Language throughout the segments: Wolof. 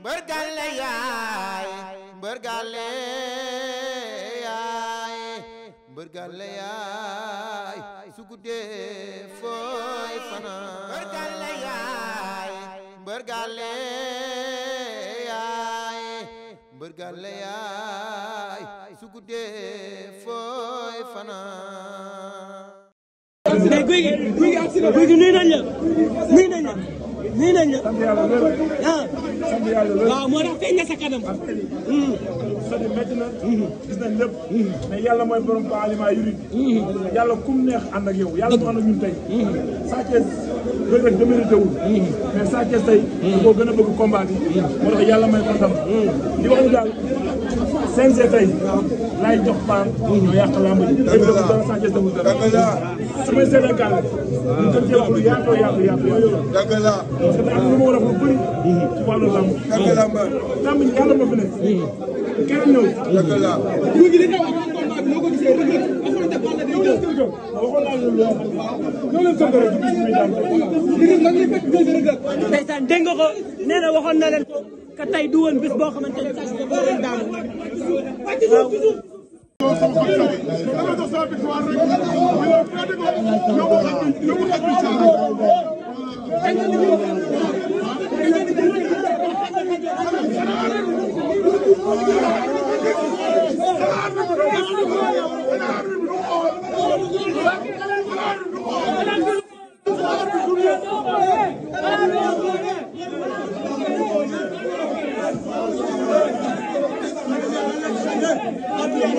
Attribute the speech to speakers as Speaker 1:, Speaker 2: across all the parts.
Speaker 1: mbër gàlle yaay mbër gàlle yaay mbër gàlle yaay su fooy fanaan mbër gàlle yaay mbër fooy fanaan. nii nañ la ah. waaw moo tax feeñ a sa kanam. Hmm. sëriñ métti na. Hmm. gis nañ lépp. Hmm. mais yàlla mooy borom ba aliment yurid. yàlla kum neex ànd ak yow yàlla mu ànd ak ñun tey. Sa Thiès Reug Reug démérité tey. da koo a bëgg combat bi. moo tax yàlla may ko ndam. li daal. CNG tey laay jox paan ñoo yàq làmb ji tey deful dara Sathies deful dara su may Sénégal ah. ñu ko jël lu yaatu yaatu yaatu dëgg la parce que daa am lu ma war a lu bëri ci wàllu làmb dëgg la làmb ji yàlla moo fi nekk kenn ñëw dëgg la ñu ngi li nga wax combat bi noo ko gisee rek waxoon te Balla day jël waxoon naa lu loo xam leen sëgg rek du gis muy daan ndeysaan dégg nga ko nee na waxoon na leen ko que tey du woon bés boo xamante ne sax dafa leen daanu waaw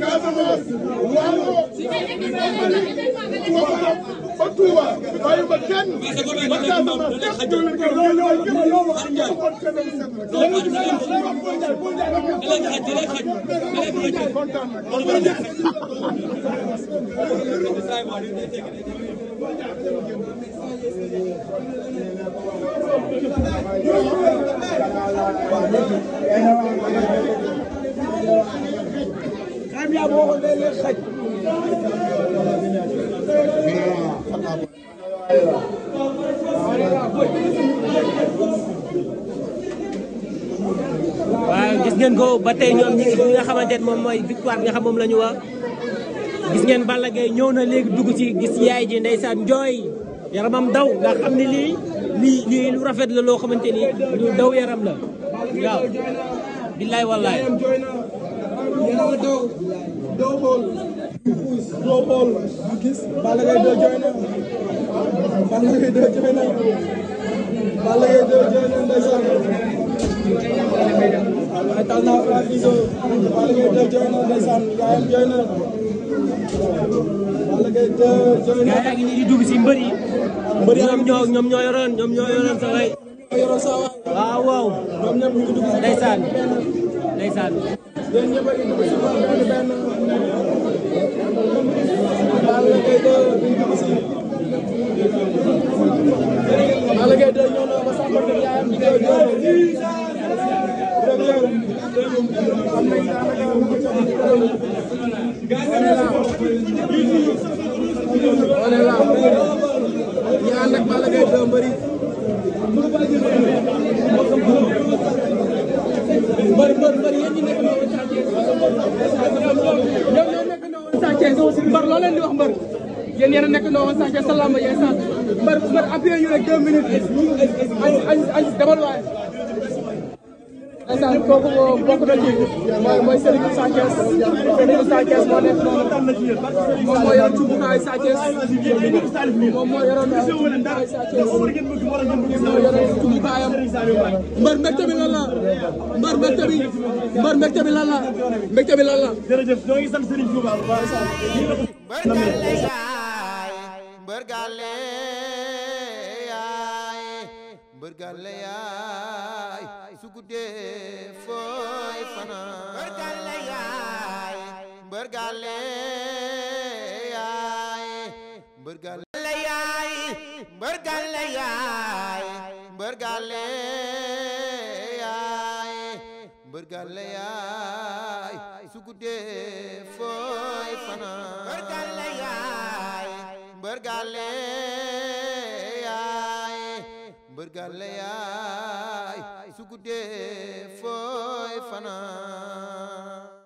Speaker 1: Casamance Waalo ba Touba waaye ba kenn ba Casamance képp ku nekk loolu loolu képp loolu xam nga ko kon kenn mu set la. Thank you. maam waaw gis ngeen ko ba tey ñoom ñi nga xamante moom mooy victoire nga xam moom la ñu gis ngeen Balla Gaye ñëw na léegi dugg ci gis yaay ji ndeysaan jooy yaramam daw nga xam ne lii lii lu rafet la loo xamante ni lu daw yaram la waaw
Speaker 2: billaay wallaay
Speaker 1: yéen daw daw bool daw bool gis Balla Gaye doo jooy na Balla Gaye doo jooy na Balla Gaye doo jooy na ndeysaan ay tal naa fa biso Balla Gaye doo jooy na ndeysaan yaayam jooy na Balla Gaye doo jooy na yaa ngi nii di dugg si mbër yi mbër yi ñoom ñoo yoroon ñoom ñoo yoroon sa waay waaw waaw ñoom ñëpp ñu ngi dugg si ndeysaan ndeysaan yéen ñëpp a ngi dugg si moom benn benn Balla Gaye 2 bi dugg si Balla Gaye 2 ñëw na ba sàmmal ak yaayam di koy dóor am nañ daanaka yéen a nekk ndoo woon sànq sa lamba yee sànq par par appuyé ñu rek deux minutes añ añ añ demal waaye ndeysaan kooku bokk na ci mooy mooy Serigne Sa Thiès Serigne Sa Thiès moo nekk noonu moom moo yor cuubukaayu Sa Thiès moom moo yoroon Sa Thiès moo yoroon cuubukaayam mbar mbégte bi lan la mbar mbégte bi mbar mbégte bi lan la mbégte bi lan la jërëjëf ñoo ngi sant Serigne Touba mbërgale yaay mbërgale yaay su guddee fooy fanaan mbërgale yaay mbërgale yaay mbërgale yaay mbërgale yaay mbërgale yaay mbërgale yaay su guddee fooy fanaan mbërgale yaay mbërgale yaay su
Speaker 2: fooy
Speaker 1: fanaan